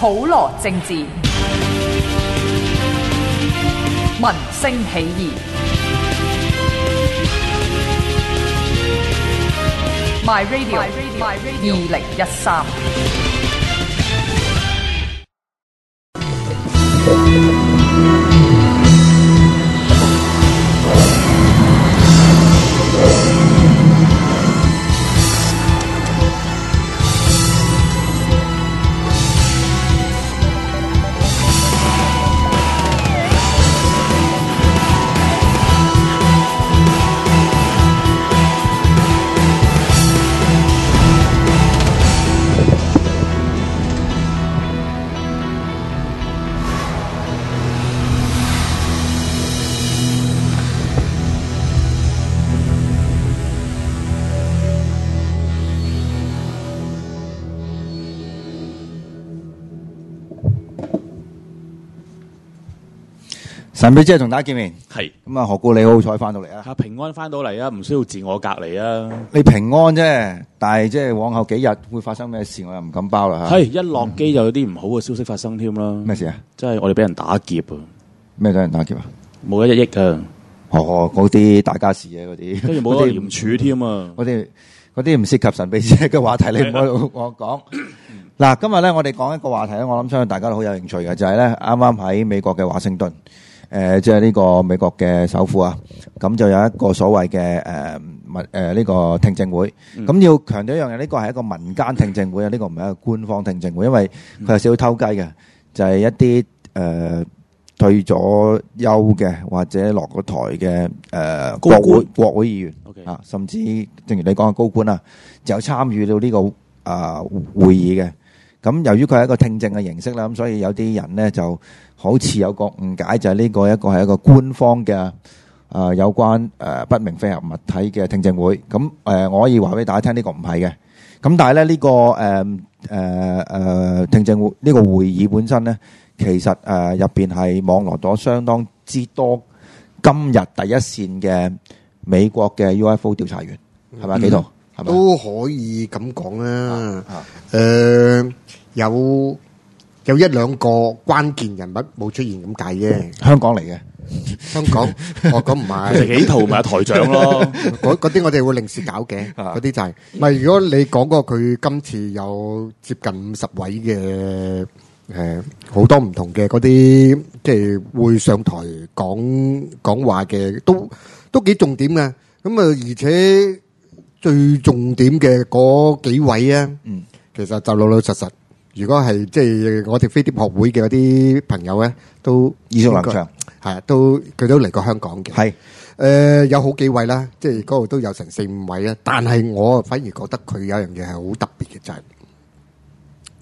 普羅政治，民聲起義，My Radio，二零一三。神秘者同大家見面，係咁啊！何故你好彩翻到嚟啊？平安翻到嚟啊，唔需要自我隔離啊！你平安啫，但係即係往後幾日會發生咩事，我又唔敢包啦吓。係一落機就有啲唔好嘅消息發生添啦。咩事啊？即係我哋俾人打劫啊！咩俾人打劫啊？冇一億啊！哦，嗰啲大家事啊，嗰啲跟住冇廉署添啊！我哋嗰啲唔涉及神秘者嘅話題，你唔好我講。嗱，今日咧，我哋講一個話題咧，我諗相信大家都好有興趣嘅，就係咧，啱啱喺美國嘅華盛頓。誒，即係呢個美國嘅首富啊，咁就有一個所謂嘅誒民誒呢個聽證會，咁要強調一樣嘢，呢個係一個民間聽證會啊，呢個唔係一個官方聽證會，因為佢係少偷雞嘅，就係一啲誒退咗休嘅或者落個台嘅誒國會國會議員啊，甚至正如你講嘅高官啊，就有參與到呢個啊會議嘅。咁由於佢係一個聽證嘅形式啦，咁所以有啲人咧就好似有個誤解，就係呢個一個係一個官方嘅啊有關誒不明飛行物體嘅聽證會。咁誒，我可以話俾大家聽，呢個唔係嘅。咁但係咧，呢個誒誒誒聽證會呢個會議本身咧，其實誒入邊係網羅咗相當之多今日第一線嘅美國嘅 UFO 調查員，係咪啊？幾多？係咪都可以咁講啦？誒。有有一兩個關鍵人物冇出現咁解啫，香港嚟嘅，香港我講唔係幾套咪台長咯，嗰嗰啲我哋會另時搞嘅，嗰啲就係唔係？如果你講過佢今次有接近五十位嘅，誒，好多唔同嘅，嗰啲，即係會上台講講話嘅，都都幾重點嘅。咁啊，而且最重點嘅嗰幾位啊，嗯，其實就老老實實。如果係即係我哋飛碟學會嘅嗰啲朋友咧，都耳熟能詳，係都佢都嚟過香港嘅，係誒有好幾位啦，即係嗰度都有成四五位啊。但係我反而覺得佢有樣嘢係好特別嘅，就係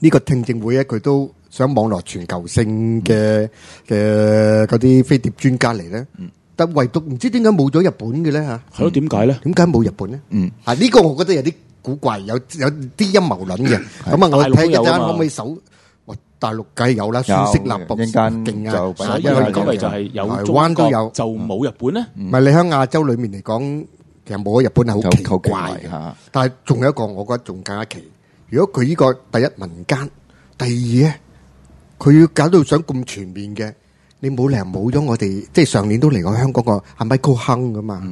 呢個聽證會咧，佢都想網絡全球性嘅嘅嗰啲飛碟專家嚟咧。嗯，但唯獨唔知點解冇咗日本嘅咧吓？係咯，點解咧？點解冇日本咧？嗯，啊呢個我覺得有啲。古怪，有有啲陰謀論嘅，咁啊！我睇一陣間可唔可以搜哇？大陸梗係有啦，孫式立博、民間勁啊！台灣就係有，台灣都有，就冇日本咧。唔係你喺亞洲裡面嚟講，其實冇咗日本係好奇怪嚇。但係仲有一個，我覺得仲更加奇。如果佢呢個第一民間，第二咧，佢要搞到想咁全面嘅，你冇理由冇咗我哋，即係上年都嚟過香港個阿米高亨噶嘛。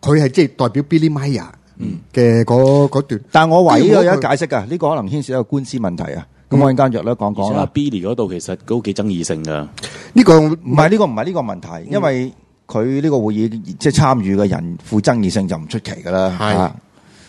佢係即係代表 Billy Mayer。嗯嘅嗰嗰段，但係我懷疑佢有一解釋噶，呢、呢個可能牽涉一個官司問題啊。咁、嗯、我說一陣間若咧講講啦。Billy 嗰度其實都幾爭議性噶，呢、呢個唔係呢個唔係呢個問題，嗯、因為佢呢個會議即係參與嘅人負爭議性就唔出奇噶啦。係、啊，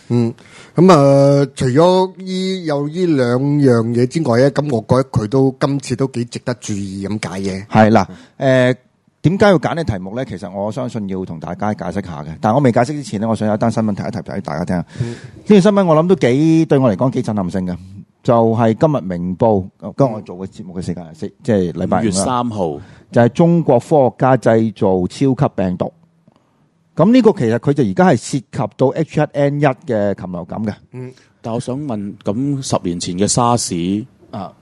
嗯，咁啊、呃，除咗依有呢兩樣嘢之外咧，咁我覺得佢都今次都幾值得注意咁解嘢係、嗯、啦，誒、嗯。呃點解要揀呢題目咧其實我相信要同大家解釋下嘅。但係我未解釋之前咧，我想有一單新聞提一提，俾大家聽下。呢、嗯、段新聞我諗都幾對我嚟講幾震撼性嘅。就係、是、今日明報，今日我做嘅節目嘅時間、嗯，即係禮拜五，五月三號，就係、是、中國科學家製造超級病毒。咁呢個其實佢就而家係涉及到 H 一 N 一嘅禽流感嘅。嗯。但我想問，咁十年前嘅沙士啊？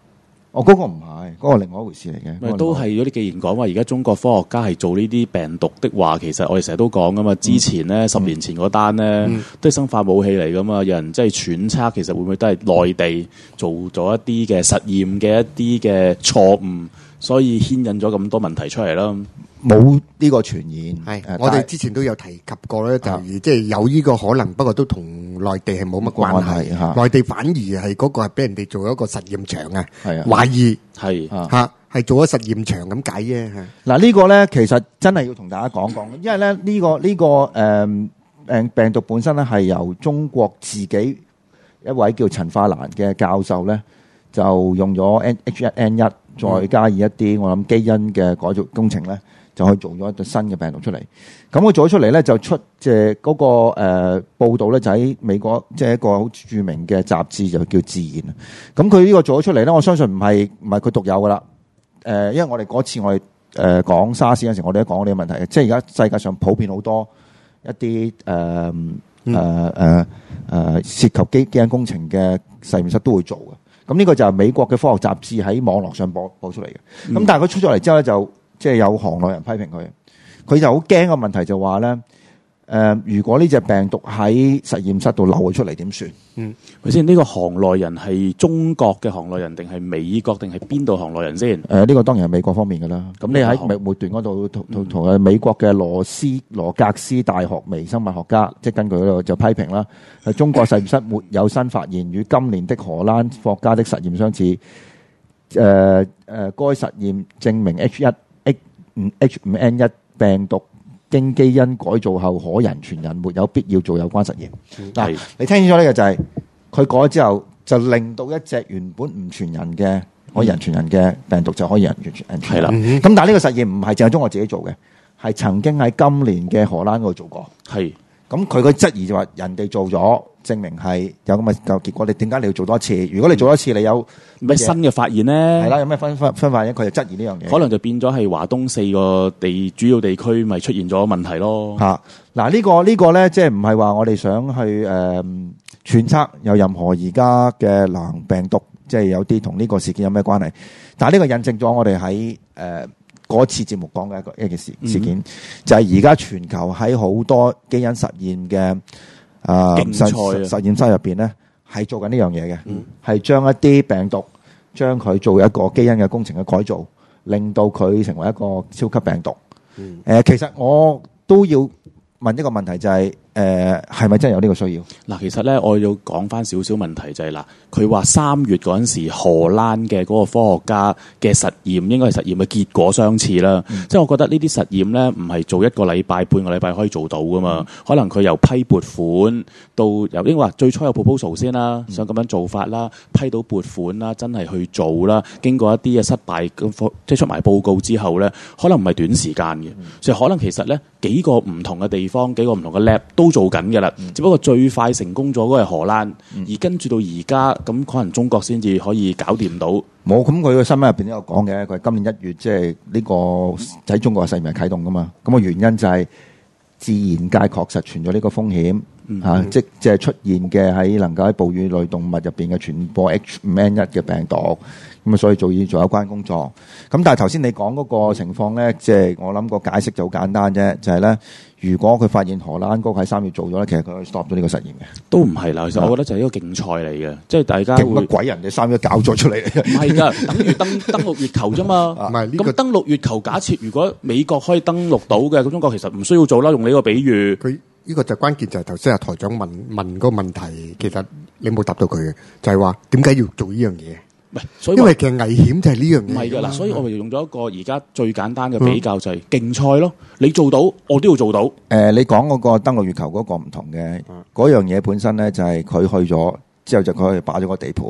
哦，嗰、那個唔係，嗰、那個另外一回事嚟嘅、那個。都係嗰啲，既然講話而家中國科學家係做呢啲病毒的話，其實我哋成日都講㗎嘛。之前呢，嗯、十年前嗰單呢，嗯、都係生化武器嚟㗎嘛。有人即係揣測，其實會唔會都係內地做咗一啲嘅實驗嘅一啲嘅錯誤，所以牽引咗咁多問題出嚟啦。冇呢個傳染，係我哋之前都有提及過咧，就即係有呢個可能，不過都同內地係冇乜關係吓。內地反而係嗰個係俾人哋做一個實驗場啊，係啊，懷疑係吓，係做咗實驗場咁解啫。嗱，呢個咧其實真係要同大家講講，因為咧呢個呢個誒誒病毒本身咧係由中國自己一位叫陳化蘭嘅教授咧，就用咗 H1N1 再加以一啲我諗基因嘅改造工程咧。就可以做咗一隻新嘅病毒出嚟，咁佢做咗出嚟咧就出即係嗰個、呃、報道咧，就喺美國即係一個好著名嘅雜誌就叫《自然》。咁佢呢個做咗出嚟咧，我相信唔係唔係佢獨有噶啦。誒、呃，因為我哋嗰次我哋誒、呃、講沙士嗰陣時，我哋都講呢個問題，即係而家世界上普遍好多一啲誒誒誒誒涉及基，基因工程嘅實驗室都會做嘅。咁呢個就係美國嘅科學雜誌喺網絡上播播出嚟嘅。咁但係佢出咗嚟之後咧就。即係有行內人批評佢，佢就好驚個問題就話咧誒，如果呢隻病毒喺實驗室度流咗出嚟點算？嗯，佢先呢、這個行內人係中國嘅行內人定係美國定係邊度行內人先？誒、呃、呢、這個當然係美國方面噶啦。咁、嗯、你喺末段嗰度同同同美國嘅羅斯羅格斯大學微生物學家，即根據嗰度就批評啦，中國實驗室沒有新發現，與今年的荷蘭科學家的實驗相似。誒、呃、誒、呃，該實驗證明 H 一。H5N1 病毒經基因改造後可人傳人，沒有必要做有關實驗。嗱、嗯，你聽清楚呢個就係、是、佢改咗之後，就令到一隻原本唔傳人嘅可人傳人嘅病毒就可以人完全傳人。係、嗯、啦，咁、嗯、但係呢個實驗唔係淨係中國自己做嘅，係曾經喺今年嘅荷蘭嗰度做過。係。咁佢嘅質疑就話：人哋做咗，證明係有咁嘅結結果，你點解你要做多一次？如果你做一次，你有咩新嘅發現咧？係啦，有咩分分分發現？佢就質疑呢樣嘢。可能就變咗係華東四個地主要地區，咪出現咗問題咯。吓、啊、嗱，呢、這個這個呢個咧，即係唔係話我哋想去誒揣測有任何而家嘅流行病毒，即係有啲同呢個事件有咩關係？但係呢個印證咗我哋喺誒。呃嗰次節目講嘅一個一件事事件，嗯、就係而家全球喺好多基因實驗嘅啊實實驗室入邊呢係做緊呢樣嘢嘅，係、嗯、將一啲病毒將佢做一個基因嘅工程嘅改造，令到佢成為一個超級病毒。誒、呃，其實我都要問一個問題、就係，就係。誒係咪真係有呢個需要？嗱，其實咧，我要講翻少少問題就係、是、嗱，佢話三月嗰陣時荷蘭嘅嗰個科學家嘅實驗應該係實驗嘅結果相似啦。即係、嗯就是、我覺得呢啲實驗咧，唔係做一個禮拜、半個禮拜可以做到噶嘛、嗯。可能佢由批撥款到由應該話最初有 proposal 先啦，想咁樣做法啦，批到撥款啦，真係去做啦。經過一啲嘅失敗，即係出埋報告之後咧，可能唔係短時間嘅、嗯，所以可能其實咧幾個唔同嘅地方，幾個唔同嘅 lab 都。都做緊噶啦，只不過最快成功咗嗰係荷蘭，而跟住到而家咁可能中國先至可以搞掂到、嗯。冇、嗯，咁佢嘅新聞入邊都有講嘅，佢今年一月即係呢個喺中國嘅實驗啟動噶嘛。咁、那個原因就係自然界確實存在呢個風險。吓、嗯嗯啊，即即係出現嘅喺能夠喺哺乳類動物入邊嘅傳播 H 五 N 一嘅病毒，咁啊所以做要做有關工作。咁但係頭先你講嗰個情況咧，即係我諗個解釋就好簡單啫，就係、是、咧，如果佢發現荷蘭嗰喺三月做咗咧，其實佢 stop 咗呢個實驗嘅。都唔係啦，其實我覺得就係一個競賽嚟嘅、啊，即係大家。乜鬼人哋三月搞咗出嚟？唔係㗎，等於登登，登陸月球啫嘛。唔、啊、咁、這個、登陸月球，假設如果美國可以登陸到嘅，咁中國其實唔需要做啦。用呢個比喻。呢個就關鍵就係頭先阿台長問問個問題，其實你冇答到佢嘅，就係話點解要做呢樣嘢？唔係，因為其實危險就係呢樣嘢。唔係嘅啦，所以我咪用咗一個而家最簡單嘅比較就係競賽咯。你做到，我都要做到。誒，你講嗰個登陸月球嗰個唔同嘅嗰樣嘢本身咧，就係佢去咗之後就佢去霸咗個地盤。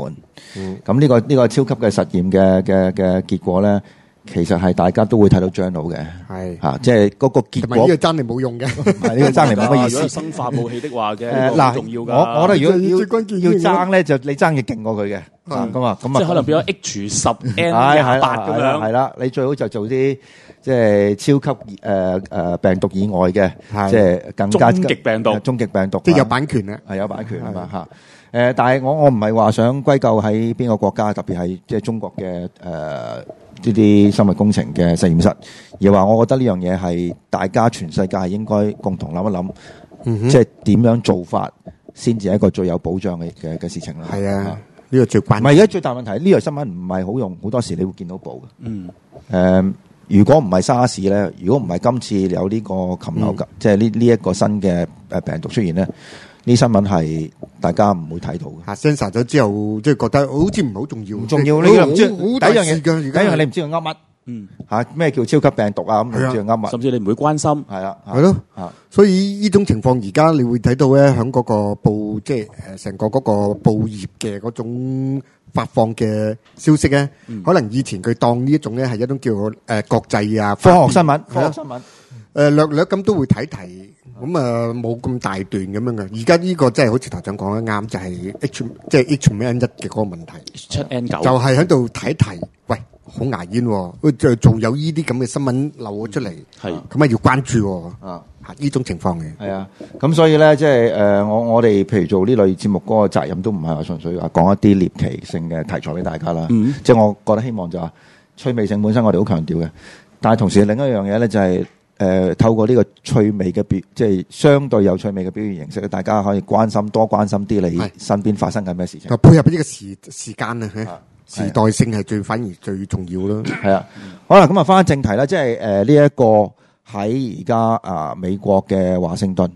咁呢個呢個超級嘅實驗嘅嘅嘅結果咧。其實係大家都會睇到 journal 嘅，係吓，即係嗰個結果。呢個真係冇用嘅，唔係呢個爭嚟冇乜意思。生化武器的話嘅，嗱，我我覺得如果要,最關鍵要爭咧，就,就,就,就,爭就,就,就,就你爭嘅勁過佢嘅咁啊，咁啊，即係可能變咗 H 十 N 廿八咁樣係啦。你最好就做啲即係超級誒誒、呃、病毒以外嘅，即係、就是、更加極病毒。終、啊、極病毒即係、啊就是、有版權咧、啊啊，係有版權係嘛吓誒。但係我我唔係話想歸咎喺邊個國家，特別係即係中國嘅誒。呢啲生物工程嘅實驗室，而話我覺得呢樣嘢係大家全世界應該共同諗一諗、嗯，即係點樣做法先至係一個最有保障嘅嘅嘅事情啦。係、嗯、啊，呢個最關鍵。唔係而家最大問題，呢、這、條、個、新聞唔係好用，好多時你會見到報嘅。嗯、誒、呃，如果唔係沙士咧，如果唔係今次有呢個禽流感，即係呢呢一個新嘅誒病毒出現咧。呢新聞係大家唔會睇到嘅。嚇，send 曬咗之後，即係覺得好似唔係好重要，唔重要咧。好第一樣嘢嘅，第一樣你唔知佢噏乜。嗯，嚇咩叫超級病毒啊？咁甚至係噏乜？甚至你唔會關心。係啊，係咯。嚇，所以呢種情況而家你會睇到咧，喺嗰個報，即係誒成個嗰個報業嘅嗰種發放嘅消息咧，可能以前佢當呢一種咧係一種叫誒國際啊科學新聞。科學新聞。誒略略咁都會睇睇。咁啊，冇咁大段咁樣嘅。而家呢個真係好似頭先講得啱，就係 H，即係 H 五，N 一嘅嗰個問題。七 N 九就係喺度睇一睇，喂，好牙煙，再仲有呢啲咁嘅新聞漏咗出嚟，係咁啊要關注啊，呢種情況嘅。係啊，咁所以咧，即係誒，我我哋譬如做呢類節目，嗰個責任都唔係話純粹話講一啲獵奇性嘅題材俾大家啦。即係我覺得希望就話，趣味性本身我哋好強調嘅，但係同時另一樣嘢咧就係。誒，透過呢個趣味嘅表，即係相對有趣味嘅表現形式，大家可以關心多關心啲你身邊發生緊咩事情。配合呢個時時間啊，時代性係最是反而最重要咯。係啊，好啦，咁啊，翻正題啦，即係誒，呢一個喺而家啊，美國嘅華盛頓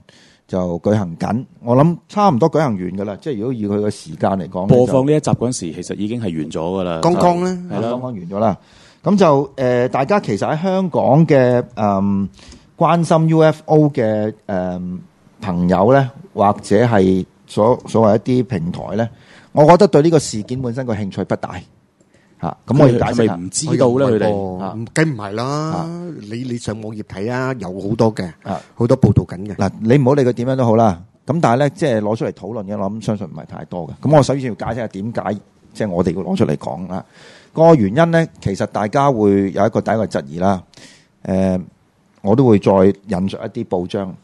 就舉行緊，我諗差唔多舉行完噶啦。即係如果以佢嘅時間嚟講，播放呢一集嗰時，其實已經係完咗噶啦。剛剛咧，係啦，剛剛完咗啦。咁就誒，大家其實喺香港嘅誒關心 UFO 嘅誒朋友咧，或者係所所謂一啲平台咧，我覺得對呢個事件本身個興趣不大嚇。咁我解咪唔知道咧，佢哋唔梗唔係啦。你你上網頁睇啊，有好多嘅，好多報道緊嘅。嗱，你唔好理佢點樣都好啦。咁但係咧，即係攞出嚟討論嘅，我諗相信唔係太多嘅。咁我首先要解釋下點解，即係我哋要攞出嚟講啦。個原因咧，其實大家會有一個第一個質疑啦。誒、呃，我都會再引述一啲報章。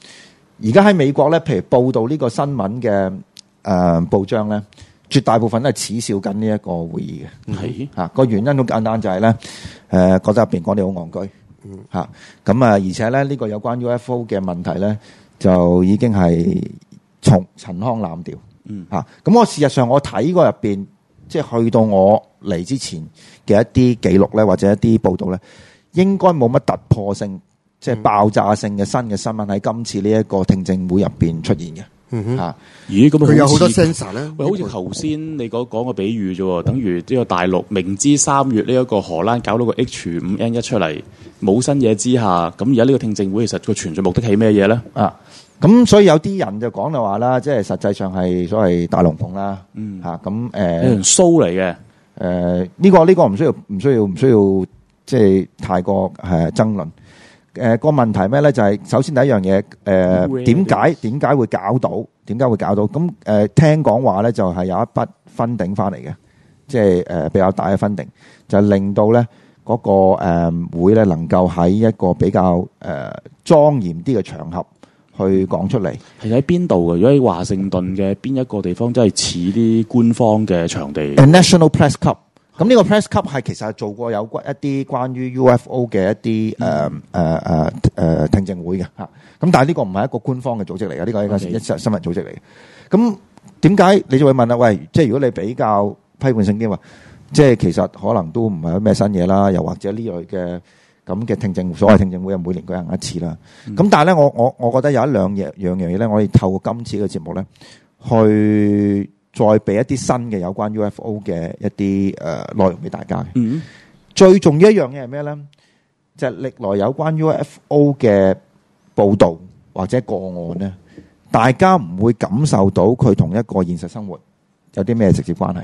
而家喺美國咧，譬如報道呢個新聞嘅誒、呃、報章咧，絕大部分都係恥笑緊呢一個會議嘅。係嚇，個原因好簡單，就係，就係咧誒，覺得入邊講嘢好戇居。咁啊，而且咧呢、呢個有關 UFO 嘅問題咧，就已經係從陳腔濫調。嗯、啊、咁，我事實上我睇過入面。即係去到我嚟之前嘅一啲記錄咧，或者一啲報導咧，應該冇乜突破性，即係爆炸性嘅新嘅新聞喺今次呢一個聽證會入邊出現嘅。嗯哼嚇、啊，咦咁佢有好多 sensor 咧？喂，好似頭先你講講個比喻啫喎、嗯，等於呢個大陸明知三月呢一個荷蘭搞到個 H 五 N 一出嚟冇新嘢之下，咁而家呢個聽證會其實個存在目的係咩嘢咧？啊！咁所以有啲人就講就話啦，即係實際上係所謂大龍鳳啦，嚇咁誒。人騷嚟嘅誒呢個呢個唔需要唔需要唔需要，即係太過誒爭論誒個問題咩咧？就係首先第一樣嘢誒點解點解會搞到點解會搞到咁誒？聽講話咧，就係有一筆分頂翻嚟嘅，即係誒比較大嘅分頂，就令到咧嗰個誒會咧能夠喺一個比較誒莊嚴啲嘅場合。去講出嚟係喺邊度嘅？如果喺華盛頓嘅邊一個地方，真係似啲官方嘅場地。The National Press Club。咁呢個 Press Club 係其實做過有關一啲關於 UFO 嘅一啲誒誒誒誒聽證會嘅嚇。咁但係呢個唔係一個官方嘅組織嚟嘅，呢個應該係一個新聞組織嚟嘅。咁點解你就會問啦？喂，即係如果你比較批判性啲話，即係其實可能都唔係咩新嘢啦，又或者呢類嘅。咁嘅聽證會，所謂聽證會又每年舉行一次啦。咁但係咧，我我我覺得有一兩嘢，兩樣嘢咧，我哋透過今次嘅節目咧，去再俾一啲新嘅有關 UFO 嘅一啲誒內容俾大家。嗯，最重要一樣嘢係咩咧？就係歷來有關 UFO 嘅報導或者個案咧，大家唔會感受到佢同一個現實生活有啲咩直接關係。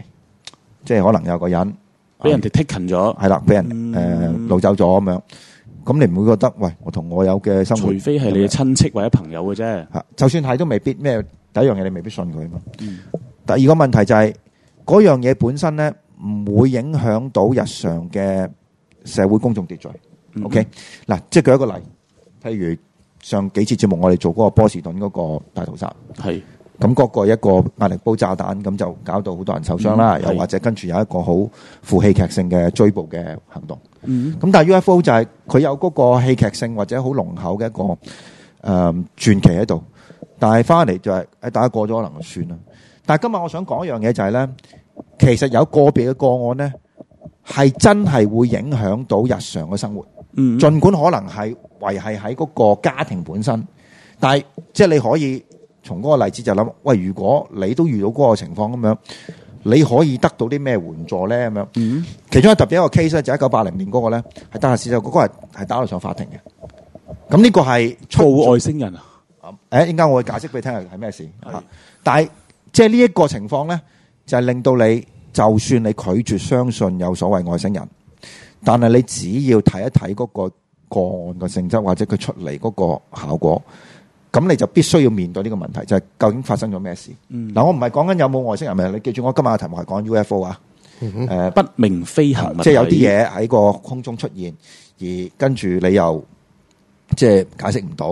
即係可能有個人。俾人哋剔勤咗，係啦，俾人誒擄走咗咁樣，咁你唔會覺得？喂，我同我有嘅生活，除非係你嘅親戚或者朋友嘅啫。吓，就算係都未必咩？第一樣嘢你未必信佢啊嘛。第二個問題就係嗰樣嘢本身咧，唔會影響到日常嘅社會公眾秩序。OK，嗱，即係舉一個例，譬如上幾次節目我哋做嗰個波士頓嗰個大屠殺，係。咁嗰個一個壓力煲炸彈，咁就搞到好多人受傷啦，又或者跟住有一個好富戲劇性嘅追捕嘅行動。咁但係 UFO 就係佢有嗰個戲劇性或者好濃厚嘅一個誒傳奇喺度，但係翻嚟就係誒大家過咗可能就算啦。但係今日我想講一樣嘢就係呢，其實有個別嘅個案呢係真係會影響到日常嘅生活。嗯，儘管可能係維繫喺嗰個家庭本身，但係即係你可以。從嗰個例子就諗，喂，如果你都遇到嗰個情況咁樣，你可以得到啲咩援助咧？咁、嗯、樣，其中一個特別一個 case 咧，就一九八零年嗰、那個咧，係但係事實嗰個係係打到上法庭嘅。咁呢個係錯外星人啊？誒，陣間我會解釋俾你聽係咩事？啊、但係即係呢一個情況咧，就係、是、令到你就算你拒絕相信有所謂外星人，但係你只要睇一睇嗰個個案嘅性質或者佢出嚟嗰個效果。咁你就必須要面對呢個問題，就係究竟發生咗咩事？嗱，我唔係講緊有冇外星人啊！你記住，我今日嘅題目係講 UFO 啊，誒，不明飛行，即係有啲嘢喺個空中出現，而跟住你又即係解釋唔到。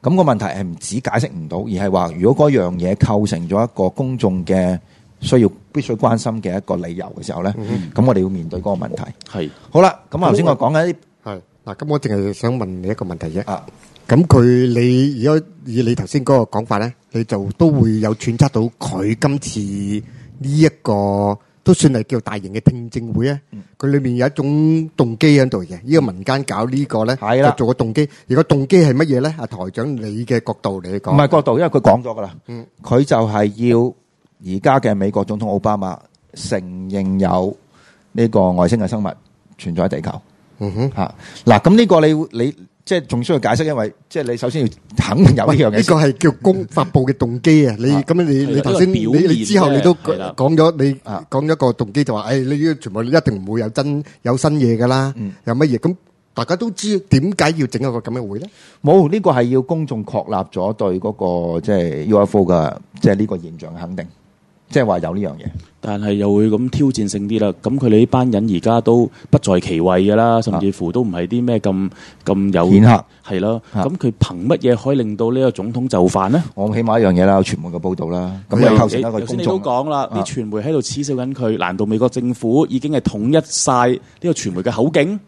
咁個問題係唔止解釋唔到，而係話如果嗰樣嘢構成咗一個公眾嘅需要、必須關心嘅一個理由嘅時候咧，咁我哋要面對嗰個問題。係，好啦，咁頭先我講緊啲係，嗱，咁我淨係想問你一個問題啫。咁佢你如果以你頭先嗰個講法咧，你就都會有揣測到佢今次呢一個都算係叫大型嘅聽證會啊。佢裏面有一種動機喺度嘅，呢個民間搞呢個咧，就做個動機。而個動機係乜嘢咧？阿台長，你嘅角度嚟講，唔係角度，因為佢講咗噶啦。嗯，佢就係要而家嘅美國總統奧巴馬承認有呢個外星嘅生物存在地球。嗯哼，吓嗱，咁呢個你你。即係仲需要解釋，因為即係你首先要肯定有一樣嘢，呢個係叫公發布嘅動機啊！你咁樣你你頭先你你之後你都講咗，你講咗一個動機就話，誒，你全部你一定唔會有真有新嘢噶啦，有乜嘢？咁大家都知點解要整一個咁嘅會咧？冇，呢個係要公眾確立咗對嗰個即係 UFO 嘅即係呢個現象嘅肯定。即係話有呢樣嘢，但係又會咁挑戰性啲啦。咁佢哋呢班人而家都不在其位噶啦，甚至乎都唔係啲咩咁咁有顯赫，係咯。咁佢憑乜嘢可以令到呢個總統就範呢？我起碼一樣嘢啦，有傳媒嘅報道啦，咁你構成一個公眾，都講啦，啲傳媒喺度恥笑緊佢。難道美國政府已經系統一晒呢個傳媒嘅口徑？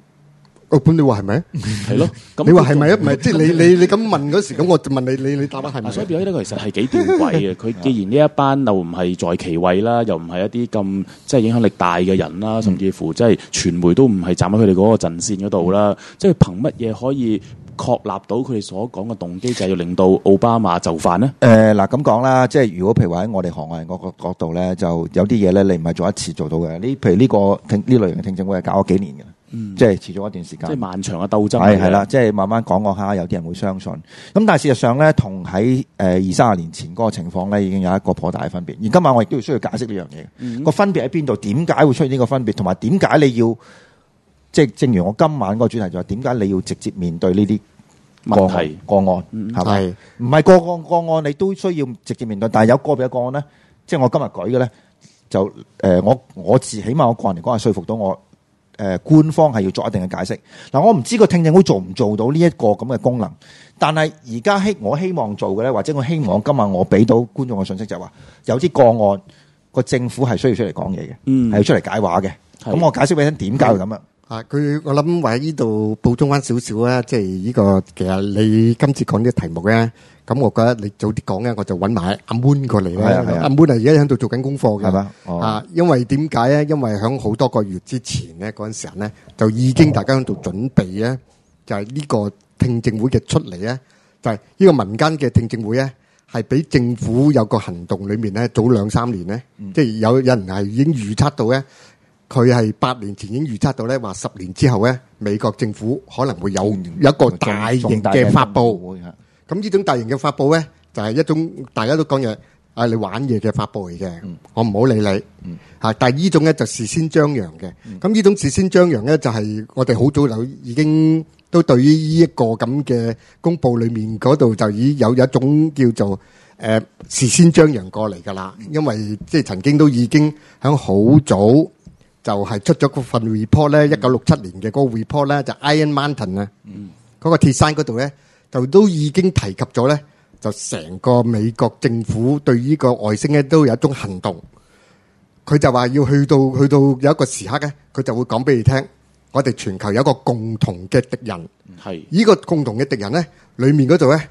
我本你話係咪？係咯，你話係咪？唔係，即係你你你咁問嗰時，咁我問你你你答得係咪？所以變咗咧，其實係幾吊詭嘅。佢既然呢一班又唔係在其位啦，又唔係一啲咁即係影響力大嘅人啦，甚至乎即係傳媒都唔係站喺佢哋嗰個陣線嗰度啦，即係憑乜嘢可以確立到佢哋所講嘅動機，就係要令到奧巴馬就範呢？誒，嗱咁講啦，即係如果譬如話喺我哋行外人嗰個角度咧，就有啲嘢咧，你唔係做一次做到嘅。呢，譬如呢個呢類型嘅聽證會係搞咗幾年嘅。嗯、即係持續一段時間，即係漫長嘅鬥爭係啦，即係慢慢講講下，有啲人會相信。咁但係事實上咧，同喺誒二三十年前嗰個情況咧，已經有一個頗大嘅分別。而今晚我亦都要需要解釋呢樣嘢，嗯，那個分別喺邊度？點解會出現呢個分別？同埋點解你要即係？正如我今晚嗰個主題就係點解你要直接面對呢啲問題個案，係咪？唔係個案，個、個案你都需要直接面對，但係有個別個案咧，即係我今日舉嘅咧，就誒、呃、我我自起碼我個人嚟講係說服到我。誒官方係要做一定嘅解釋，嗱，我唔知個聽證會做唔做到呢一個咁嘅功能，但係而家希我希望做嘅咧，或者我希望今日我俾到觀眾嘅信息就係話，有啲個案個政府係需要出嚟講嘢嘅，係、嗯、要出嚟解話嘅，咁我解釋俾你點解係咁啊？啊，佢我諗話喺呢度補充翻少少啊，即係呢個其實你今次講嘅題目咧。咁，我覺得你早啲講咧，我就揾埋阿 Moon 過嚟咧。阿 Moon 係而家喺度做緊功課嘅。係嘛，啊，因為點解咧？因為喺好多個月之前咧，嗰陣時咧就已經大家喺度準備咧，就係呢個聽證會嘅出嚟咧，就係呢個民間嘅聽證會咧，係比政府有個行動裏面咧早兩三年咧，即係有有人係已經預測到咧，佢係八年前已經預測到咧，話十年之後咧，美國政府可能會有有一個大型嘅發佈。咁呢種大型嘅發布咧，就係一種大家都講嘢，啊你玩嘢嘅發布嚟嘅。我唔好理你嚇，但係呢種咧就事先張揚嘅。咁呢種事先張揚咧，就係我哋好早就已經都對於呢一個咁嘅公佈裏面嗰度就已有有一種叫做誒事先張揚過嚟㗎喇。因為即係曾經都已經喺好早就係出咗嗰份 report 咧，一九六七年嘅嗰個 report 咧，就 Iron Mountain 啊，嗰個鐵山嗰度咧，就都已經提及咗咧，就成個美國政府對呢個外星咧都有一種行動。佢就話要去到去到有一個時刻咧，佢就會講俾你聽，我哋全球有一個共同嘅敵人。係呢、這個共同嘅敵人咧，裏面嗰度咧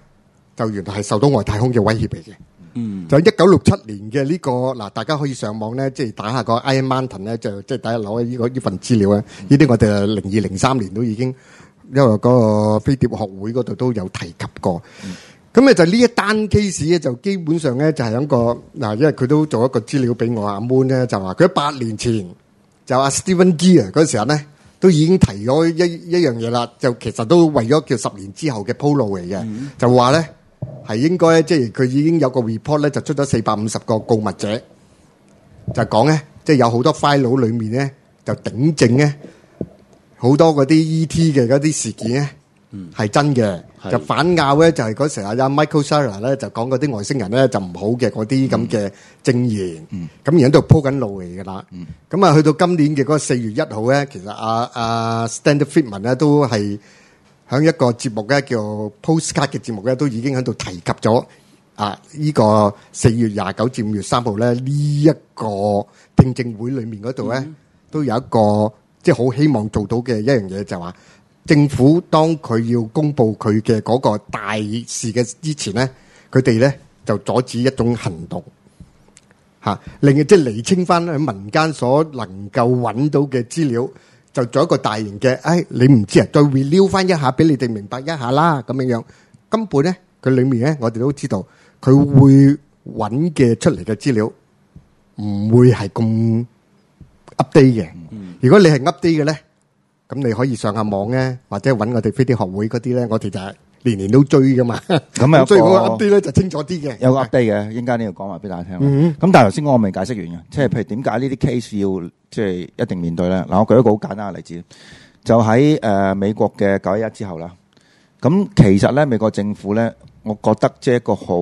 就原來係受到外太空嘅威脅嚟嘅。嗯，就一九六七年嘅呢、這個嗱，大家可以上網咧，即係打下個 Iron Mountain 咧，就即係第一攞呢個呢、就是、份資料啊。呢、嗯、啲我哋零二零三年都已經。因為嗰個飛碟學會嗰度都有提及過，咁、嗯、咧就呢一單 case 咧就基本上咧就係喺個嗱，因為佢都做一個資料俾我阿、mm-hmm. 啊、moon 咧，就話佢八年前就阿 Steven Greer 啊嗰陣時咧都已經提咗一一樣嘢啦，就其實都為咗叫十年之後嘅鋪路嚟嘅，就話咧係應該即係佢已經有個 report 咧就出咗四百五十個告密者，就講咧即係有好多 file 裏面咧就頂正咧。好多嗰啲 E.T. 嘅嗰啲事件咧，係真嘅，就反咬咧就係嗰時阿、嗯、Michael Salla 咧就講嗰啲外星人咧就唔好嘅嗰啲咁嘅證言，咁而家都鋪緊路嚟噶啦，咁、嗯、啊去到今年嘅嗰個四月一號咧，其實阿阿 Stanton Friedman 咧都係喺一個節目咧叫 Postcard 嘅節目咧都已經喺度提及咗啊！呢、呢個四月廿九至五月三號咧呢一個聽證會裡面嗰度咧都有一個。即係好希望做到嘅一樣嘢就話，政府當佢要公布佢嘅嗰個大事嘅之前咧，佢哋咧就阻止一種行動，嚇，另外即係釐清翻喺民間所能夠揾到嘅資料，就做一個大型嘅，誒，你唔知啊，再 reveal 翻一下俾你哋明白一下啦，咁樣樣根本咧，佢裡面咧，我哋都知道佢會揾嘅出嚟嘅資料唔會係咁 update 嘅。如果你係 update 嘅咧，咁你可以上下網咧，或者揾我哋飛碟學會嗰啲咧，我哋就係年年都追噶嘛。咁啊，追嗰個 update 咧就清楚啲嘅。有 update 嘅，應該你要講話俾大家聽。咁但係頭先我未解釋完嘅，即係譬如點解呢啲 case 要即係一定面對咧？嗱，我舉一個好簡單嘅例子，就喺誒美國嘅九一一之後啦。咁其實咧，美國政府咧，我覺得即係一個好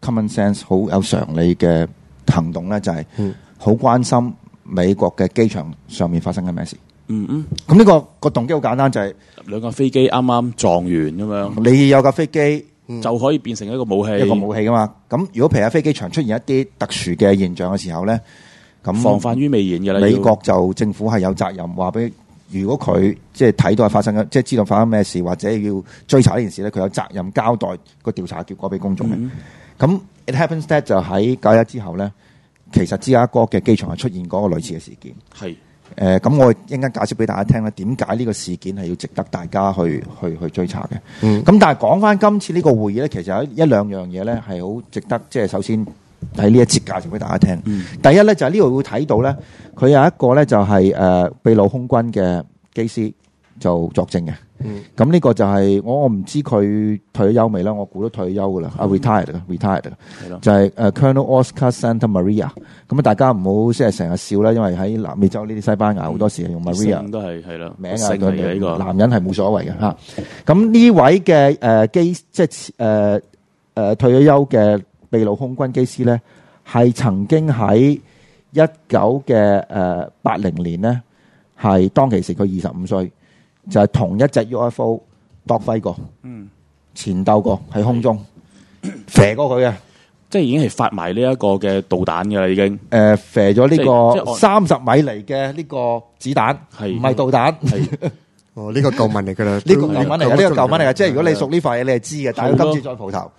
common sense、好有常理嘅行動咧，就係好關心。美國嘅機場上面發生緊咩事？嗯嗯，咁呢個個動機好簡單，就係兩架飛機啱啱撞完咁樣。你有架飛機、嗯、就可以變成一個武器，一個武器噶嘛。咁如果譬如喺飛機場出現一啲特殊嘅現象嘅時候咧，咁防範於未然嘅。美國就政府係有責任話俾，如果佢即係睇到係發生緊，即係知道發生咩事，或者要追查呢件事咧，佢有責任交代個調查結果俾公眾嘅。咁、嗯嗯、It happens that 就喺九一之後咧。其實芝加哥嘅機場係出現過個類似嘅事件。係，咁、呃、我一陣間介紹俾大家聽咧，點解呢個事件係要值得大家去去去追查嘅。嗯，咁但係講翻今次呢個會議咧，其實有一兩樣嘢咧係好值得，即係首先喺呢一節介紹俾大家聽。嗯、第一咧就係、是、呢度會睇到咧，佢有一個咧就係、是、誒、呃、秘魯空軍嘅機師就作證嘅。咁、嗯、呢個就係、是、我我唔知佢退休未啦，我估都退休噶啦，嗯、啊 retired retired 噶，就係、是、誒 Colonel Oscar Santa Maria。咁啊，大家唔好即係成日笑啦，因為喺南美洲呢啲西班牙好多時用 Maria。都係係啦名啊，佢個等等男人係冇所謂嘅，吓。咁呢位嘅誒機即係誒誒退咗休嘅秘魯空軍機師咧，係曾經喺一九嘅誒八零年咧，係當其時佢二十五歲。就係同一隻 UFO 搏揮過，前鬥過喺空中，射過佢嘅，即係已經係發埋呢一個嘅導彈噶啦，已經。誒，射咗呢個三十米厘嘅呢個子彈，唔係導彈。哦，呢個舊聞嚟噶啦，呢個舊聞嚟，呢個舊聞嚟。即係如果你熟呢塊嘢，你係知嘅。但係佢今次再蒲頭，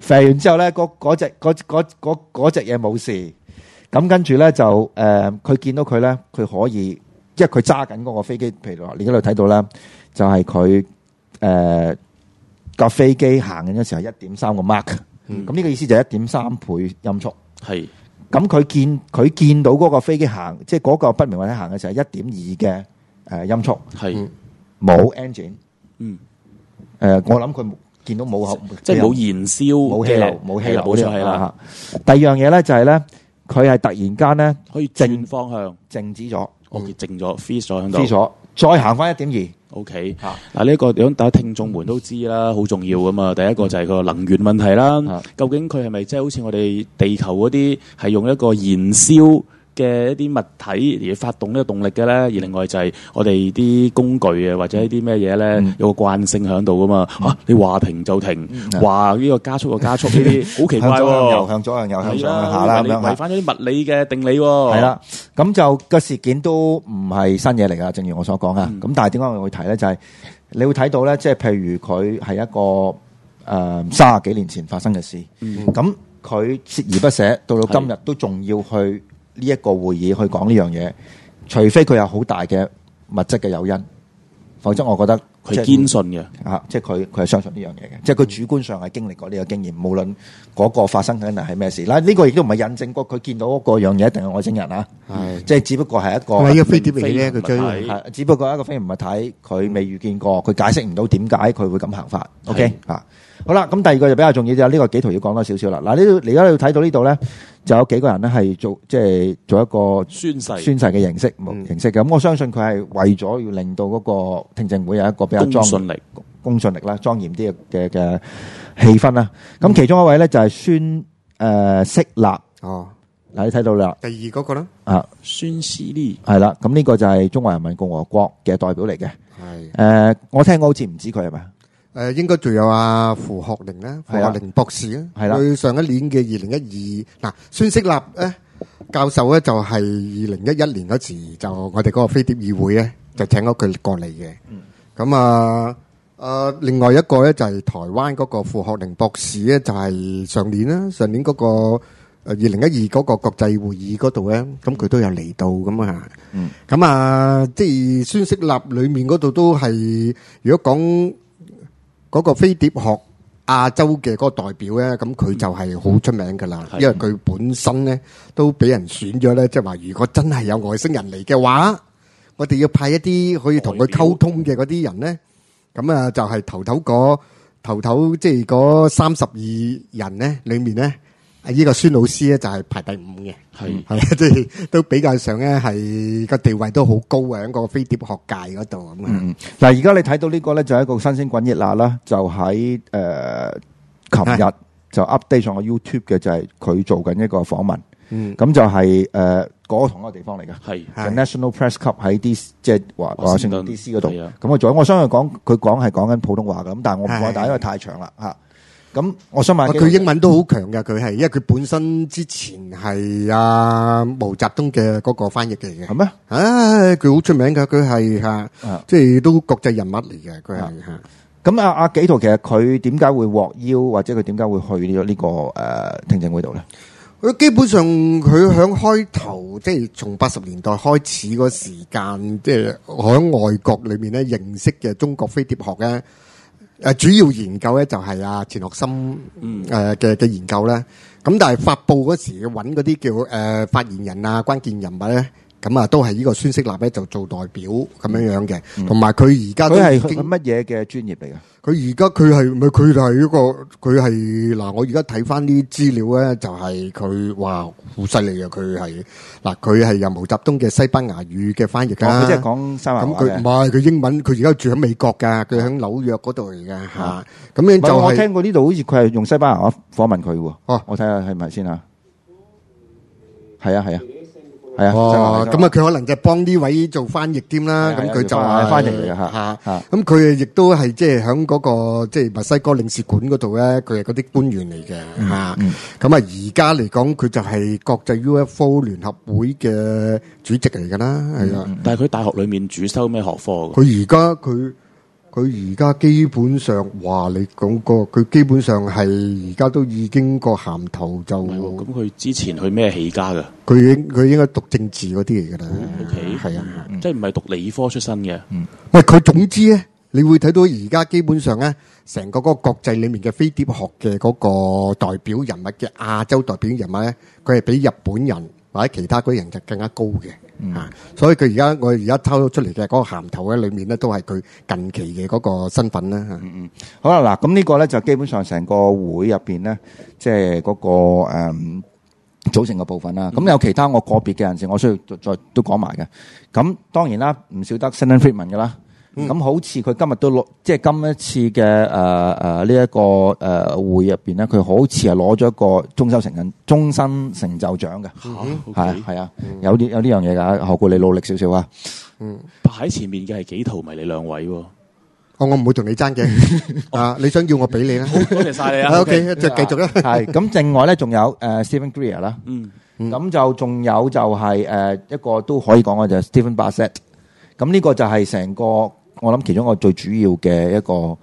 射完之後咧，嗰嗰隻嗰嗰嗰嗰隻嘢冇事。咁跟住咧就，誒，佢見到佢咧，佢可以。即係佢揸緊嗰個飛機，譬如話你而家你睇到啦，就係佢誒個飛機行嘅時候一點三個 mark，咁呢個意思就係一點三倍音速。係，咁佢見佢見到嗰個飛機行，即係嗰個不明物體行嘅時候一點二嘅誒音速。係，冇 engine。嗯、呃，誒，我諗佢見到冇即係冇燃燒，冇氣流，冇氣流冇錯啦。吓，第二樣嘢咧就係、是、咧。佢係突然間咧，可以正方向靜止咗，ok 靜咗，freeze 咗喺度 freeze 咗，再行翻一點二，ok 吓，嗱呢一個樣，大家聽眾們都知啦，好重要噶嘛。第一個就係個能源問題啦，究竟佢係咪即係好似我哋地球嗰啲係用一個燃燒？嘅一啲物體而發動呢個動力嘅咧，而另外就係我哋啲工具啊，或者一啲咩嘢咧，有個慣性喺度噶嘛。啊，你話停就停，話呢個加速就加速呢啲，好奇怪喎。向左向右，向左向右，向上向下啦咁樣，違反咗啲物理嘅定理喎。係啦，咁就個事件都唔係新嘢嚟噶，正如我所講啊。咁但係點解我會提咧？就係你會睇到咧，即係譬如佢係一個誒三十幾年前發生嘅事，咁佢鍥而不捨，到到今日都仲要去。呢、這、一個會議去講呢樣嘢，除非佢有好大嘅物質嘅誘因，否則我覺得佢堅信嘅啊，即係佢佢係相信呢樣嘢嘅，即係佢主觀上係經歷過呢個經驗，無論嗰個發生緊係咩事。嗱，呢、這個亦都唔係印證過佢見到嗰樣嘢一定係外星人啊，即係只不過係一個飛碟嚟嘅，佢追嘅係嘅，只不過一個非典型物體，佢未遇見過，佢解釋唔到點解佢會咁行法。OK 啊，好啦，咁第二個就比較重要就係呢個幾圖要講多少少啦。嗱，而家要睇到呢度咧。就有幾個人咧係做，即係做一個宣誓，宣誓嘅形式，形式嘅，咁、嗯、我相信佢係為咗要令到嗰個聽證會有一個比較莊嚴公信力啦，莊嚴啲嘅嘅氣氛啦。咁、嗯、其中一位咧就係孫誒色立哦，嗱，你睇到啦，第二嗰個啦，啊，孫思呢，係啦，咁呢個就係中華人民共和國嘅代表嚟嘅，係、呃、我聽過好似唔知佢係咪。呃應該仲有啊，傅學寧啦，傅學寧博士啦，佢上一年嘅2012傅學齡，嗰、嗰個飛碟學亞洲嘅嗰個代表咧，咁佢就係好出名噶啦，因為佢本身咧都俾人選咗咧，即係話如果真係有外星人嚟嘅話，我哋要派一啲可以同佢溝通嘅嗰啲人咧，咁啊就係頭頭嗰頭頭即係嗰三十二人咧，裏面咧。呢、這個孫老師咧就係排第五嘅，係係即係都比較上咧係個地位都好高嘅喺個飛碟學界嗰度咁嗱，而、嗯、家你睇到呢個咧就係一個新鮮滾熱辣啦，就喺誒琴日就 update 上個 YouTube 嘅，就係、是、佢做緊一個訪問。咁就係誒嗰同一個地方嚟嘅，係 National Press Club 喺 D C，即係華盛頓 D C 嗰度。咁啊，仲，我相信佢講，佢講係講緊普通話嘅，咁但係我唔講，但係因為太長啦吓。咁我，我想問。佢英文都好強嘅，佢係因為佢本身之前係啊毛澤東嘅嗰個翻譯嚟嘅。係咩？唉、啊，佢好出名嘅，佢係吓，即係都國際人物嚟嘅，佢係吓。咁阿阿幾圖，其實佢點解會獲邀，或者佢點解會去呢咗呢個誒、這個啊、聽證會度咧？佢基本上佢響開頭，即係從八十年代開始個時間，即係響外國裏面咧認識嘅中國飛碟學咧。誒主要研究咧就係啊，錢學森誒嘅嘅研究咧，咁、嗯、但係發布嗰時揾嗰啲叫誒發言人啊關鍵人物咧。咁啊，都係呢個孫色立咧，就做代表咁樣樣嘅，同埋佢而家佢係佢乜嘢嘅專業嚟噶？佢而家佢係咪佢就係呢個？佢係嗱，我而家睇翻啲資料咧，就係佢話好犀利啊！佢係嗱，佢係由毛澤東嘅西班牙語嘅翻譯啦。即係講西咁佢唔係佢英文，佢而家住喺美國噶，佢喺紐約嗰度嚟噶吓。咁樣、嗯、啊、就是、我聽過呢度好似佢係用西班牙話訪問佢喎，哦，我睇下係唔係先吓？係啊，係啊。啊咁啊，佢可能就幫呢位做翻譯添啦，咁佢就係翻譯嚟嘅吓，咁佢亦都係即係響嗰個即係墨西哥領事館嗰度咧，佢係嗰啲官員嚟嘅吓，咁啊而家嚟講，佢、嗯、就係國際 UFO 聯合會嘅主席嚟噶啦，係啊、嗯嗯，但係佢大學裏面主修咩學科？佢而家佢。佢而家基本上話你講過，佢基本上係而家都已經個銜頭就咁。佢之前去咩起家噶？佢應佢應該讀政治嗰啲嚟噶啦。O K，係啊，即係唔係讀理科出身嘅。喂、嗯，佢總之咧，你會睇到而家基本上咧，成個個國際裏面嘅飛碟學嘅嗰個代表人物嘅亞洲代表人物咧，佢係比日本人或者其他嗰啲人就更加高嘅。嗯吓，所以佢而家我而家抽到出嚟嘅嗰個銜頭咧，裏面咧都係佢近期嘅嗰個身份咧吓。嗯嗯，好啦嗱，咁呢個咧就基本上成個會入邊咧，即係嗰個誒、嗯、組成嘅部分啦。咁有其他我個別嘅人士，我需要再都講埋嘅。咁當然啦，唔少得 Stanton Friedman 噶啦。咁、嗯、好似佢今日都攞，即、就、係、是、今一次嘅誒誒呢一個誒會入面咧，佢好似係攞咗一個中生成人終身成就獎嘅，好、嗯，啊，係、okay，啊，嗯、有啲有呢樣嘢噶，何故你努力少少啊，排、嗯、喺前面嘅係幾圖迷你兩位喎、啊哦，我唔會同你爭嘅、哦，啊，你想叫我俾你呢、哦、 好，多謝晒你 okay，okay，okay，啊，OK，就繼續啦，咁、啊，另、 啊、外咧仲有誒、呃、Stephen Greer 啦、嗯，嗯，咁就仲有就係、是、誒、呃、一個都可以講嘅就係 Stephen Bassett，咁呢個就係成個。我諗其中一個最主要嘅一個誒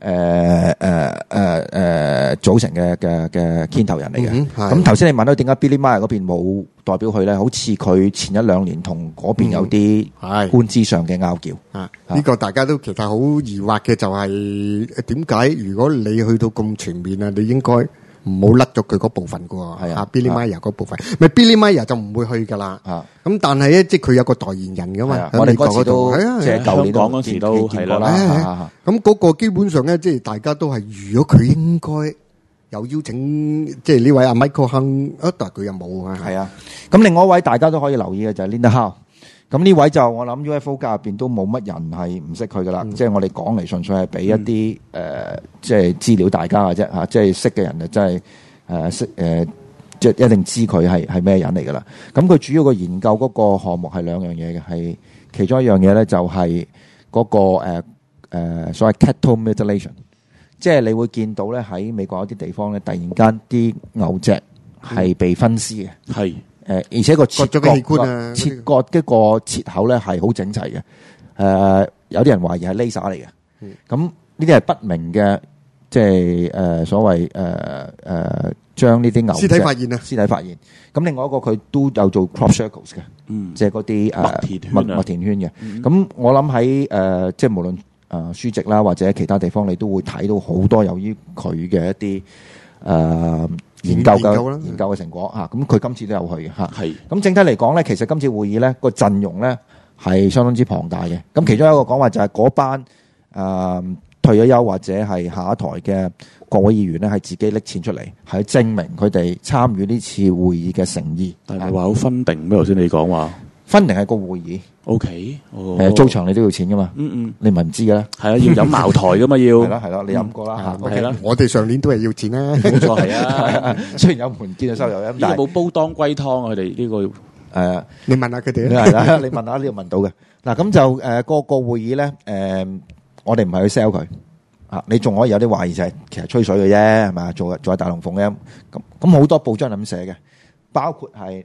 誒誒誒組成嘅嘅嘅牽頭人嚟嘅，咁頭先你問到點解 Billy Mayer 嗰邊冇代表佢咧？好似佢前一兩年同嗰邊有啲官資上嘅拗撬啊！呢、嗯嗯呢個大家都其實好疑惑嘅就係點解？如果你去到咁全面啊，你應該。唔好甩咗佢嗰部分噶喎，啊 Billy Meyer 嗰部分，咪 Billy Meyer 就唔會去噶啦。咁但係咧，即係佢有個代言人噶嘛，喺我哋嗰度，即係香港嗰時都係啦。咁嗰個基本上咧，即係大家都係預咗佢應該有邀請，即係呢位阿 Michael Hung，但係佢又冇啊。係啊，咁另外一位大家都可以留意嘅就係 Linda Howe。咁呢位就我諗 UFO 界入邊都冇乜人係唔識佢噶啦，即係我哋講嚟純粹係俾一啲誒、嗯呃，即係資料大家嘅啫吓，即係識嘅人就真係誒識誒，即係、呃、一定知佢係係咩人嚟噶啦。咁佢主要個研究嗰個項目係兩樣嘢嘅，係其中一樣嘢咧就係嗰、那個誒誒、呃、所謂 cattle mutilation，即係你會見到咧喺美國一啲地方咧突然間啲牛隻係被分屍嘅，係、嗯。誒，而且個切割、切割嘅個切口咧係好整齊嘅。誒，有啲人懷疑係 Laser 嚟嘅。咁呢啲係不明嘅，即係誒，所謂誒誒，將呢啲牛屍體發現啊，屍體發現。咁另外一個佢都有做 Crop circles 嘅，嗯，即係嗰啲誒麥田圈啊，麥田圈嘅。咁我諗喺誒，即係無論誒書籍啦，或者其他地方，你都會睇到好多由於佢嘅一啲誒。呃研究嘅研究嘅成果嚇，咁佢今次都有去嚇。係咁，整體嚟講咧，其實今次會議咧個陣容咧係相當之龐大嘅。咁、嗯、其中一個講話就係嗰班誒、呃、退咗休或者係下一台嘅國會議員咧，係自己搦錢出嚟，係證明佢哋參與呢次會議嘅誠意。係咪話好分定咩？頭先你講話。分明係個會議，O K，係租場你都要錢噶嘛，嗯嗯，你咪唔知嘅啦，係啦，要飲茅台噶嘛要，係啦，係啦，你飲過啦吓，係啦，我哋上年都係要錢啦，冇錯係啊，雖然有門市嘅收入，但係冇煲當歸湯佢哋呢個誒，你問下佢哋啦，你問下呢個問到嘅，嗱咁就誒個個會議咧，誒我哋唔係去 sell 佢啊，你仲可以有啲懷疑就係其實吹水嘅啫，係嘛，做做大龍鳳嘅，咁咁好多報章係咁寫嘅，包括係。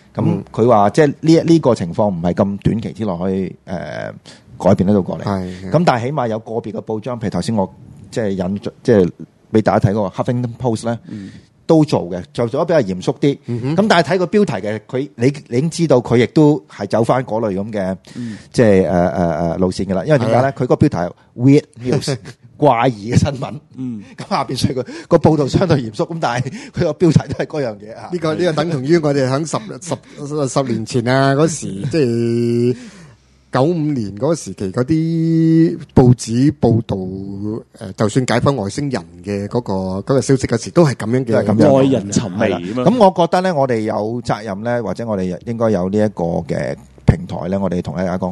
咁佢話即係呢一呢個情況唔係咁短期之內可以誒、呃、改變得到過嚟。係、嗯、咁、嗯，但係起碼有個別嘅報章，譬如頭先我即係引即係俾大家睇嗰個 Huffington Post 咧、嗯，都做嘅，做咗比較嚴肅啲。咁、嗯、但係睇、嗯嗯、個標題嘅佢，你你已經知道佢亦都係走翻嗰類咁嘅即係誒誒誒路線㗎喇。因為點解咧？佢個標題係 Weird News。 怪異嘅新聞，嗯，咁下邊雖然個個報道相對嚴肅，咁但係佢個標題都係嗰樣嘢啊。呢個呢個等同於我哋喺十十十年前啊嗰時，即係九五年嗰個時期嗰啲報紙報道，誒,就算解剖外星人嘅嗰個嗰個消息嗰時，都係咁樣嘅，咁樣嘅。耐人尋味，咁我覺得咧，我哋有責任咧，或者我哋應該有呢一個嘅平台咧，我哋同大家講。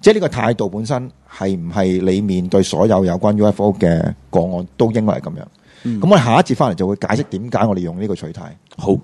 即呢個態度本身係唔係你面對所有有關 UFO 嘅個案都應該係咁樣？咁、嗯、我哋下一節翻嚟就會解釋點解我哋用呢個取態。好。